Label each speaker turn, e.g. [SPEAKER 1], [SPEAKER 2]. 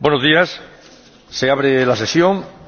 [SPEAKER 1] buenos días se abre la sesión.